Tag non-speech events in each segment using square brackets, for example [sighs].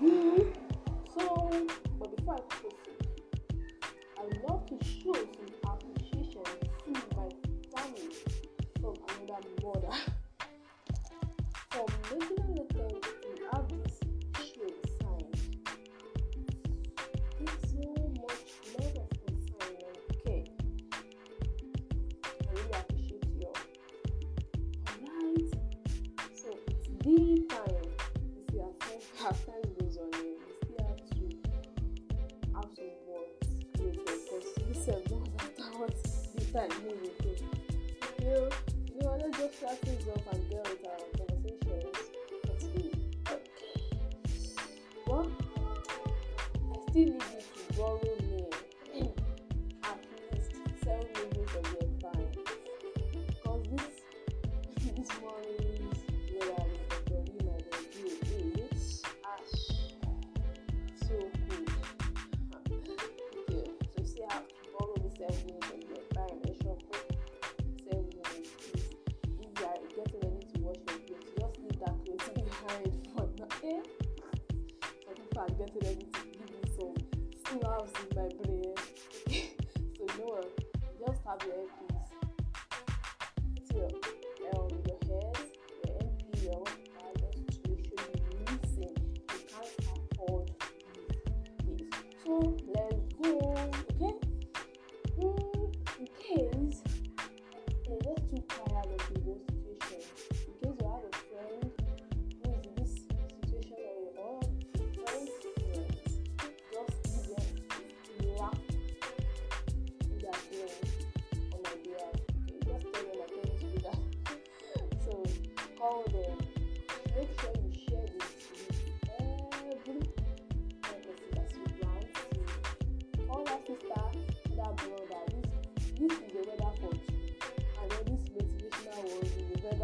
So, but before I proceed, I would love to show some appreciation to my family from another mother for making the time to have this show signed. It's so much love of concern and care. I really appreciate you. Alright, so it's the time. sell music on your bank. Because this, [laughs] this morning's weather in Berlin and Nigeria, it looks ash. So good. okay, so see how tomorrow we sell music on your bank. Make sure sell music. Please, if you are getting ready to wash your clothes, just leave that clothes [laughs] behind for now. Okay. Eh? But if you are getting ready to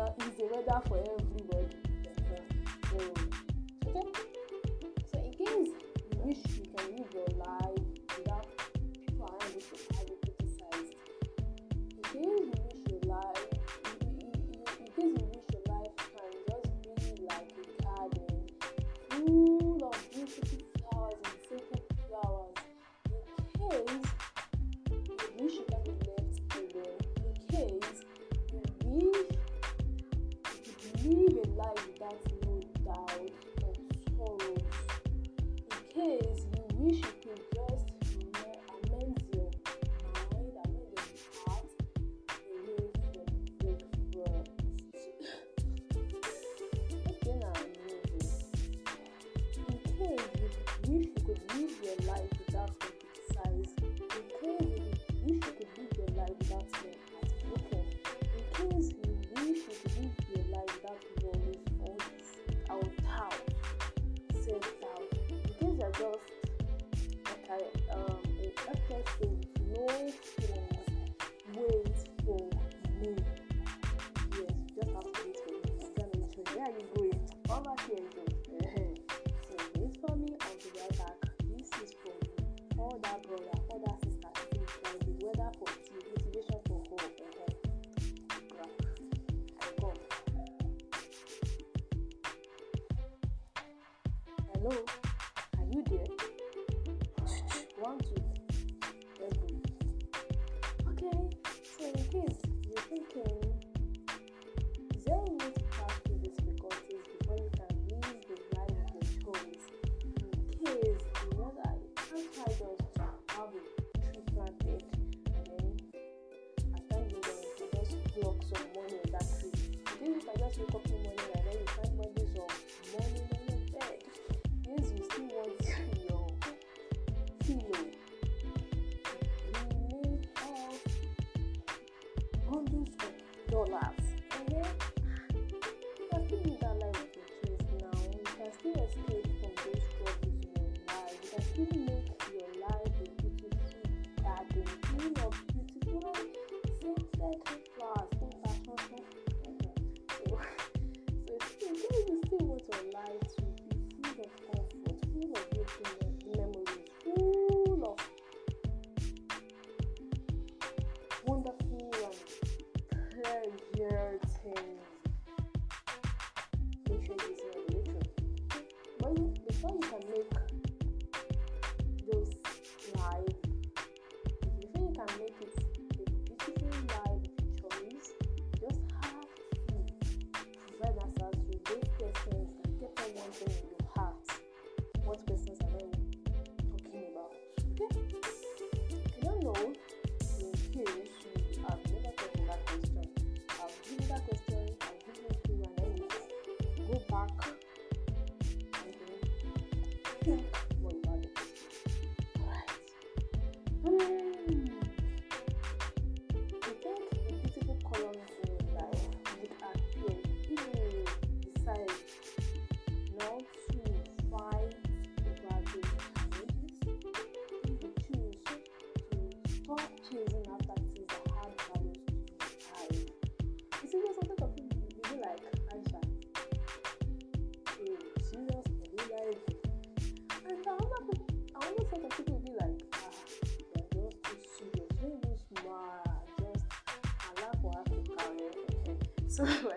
weather is the weather for everybody. So, okay. So in case you wish you can live your life without people around you to highly criticized. In case you wish your life in in in case you wish your life can just be like a garden full of beautiful flowers and simple flowers. In case life without Hello? Are you there? One, two. like flowers, things are not so So, so it's still, you still want your life to be full of comfort, full of beautiful memories, full of wonderful and pleasure things. Make sure you see your But before you can make Yeah. so [laughs]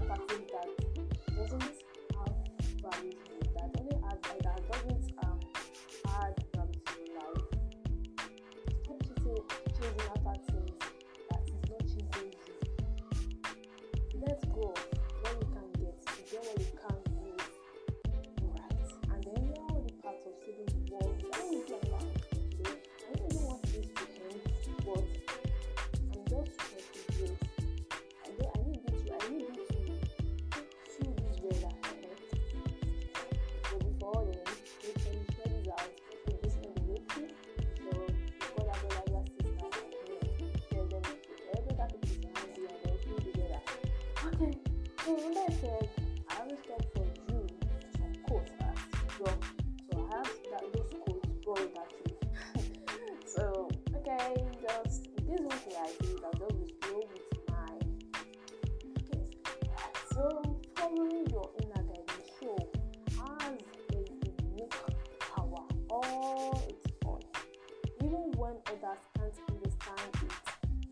facilidade. Então,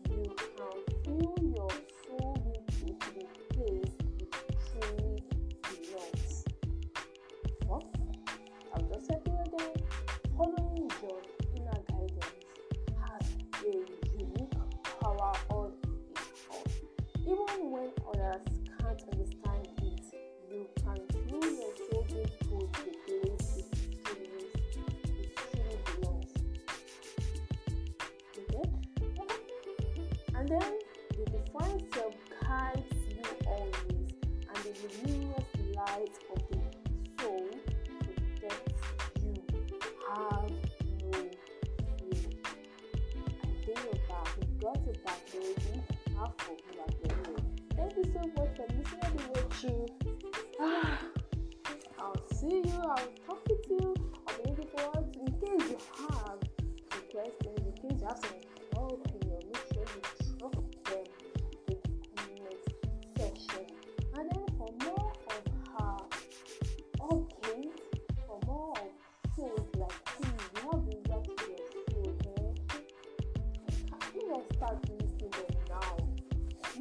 you how and then the divine self guides you always, and the luminous light of the soul protects you. Have no fear. And think about the got of our glory, have for you are glory. Thank you so much for listening to me. [sighs] I'll see you. I'll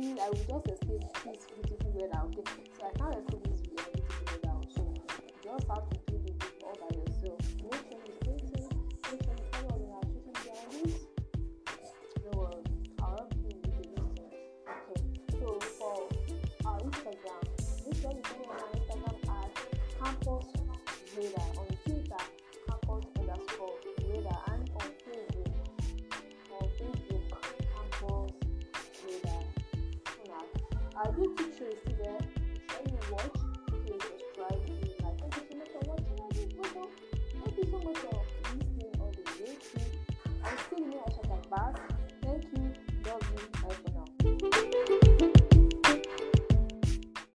mean I will just escape this beautiful weather, okay? So I can't escape this beautiful weather. So you just have to do it all by yourself. Make I think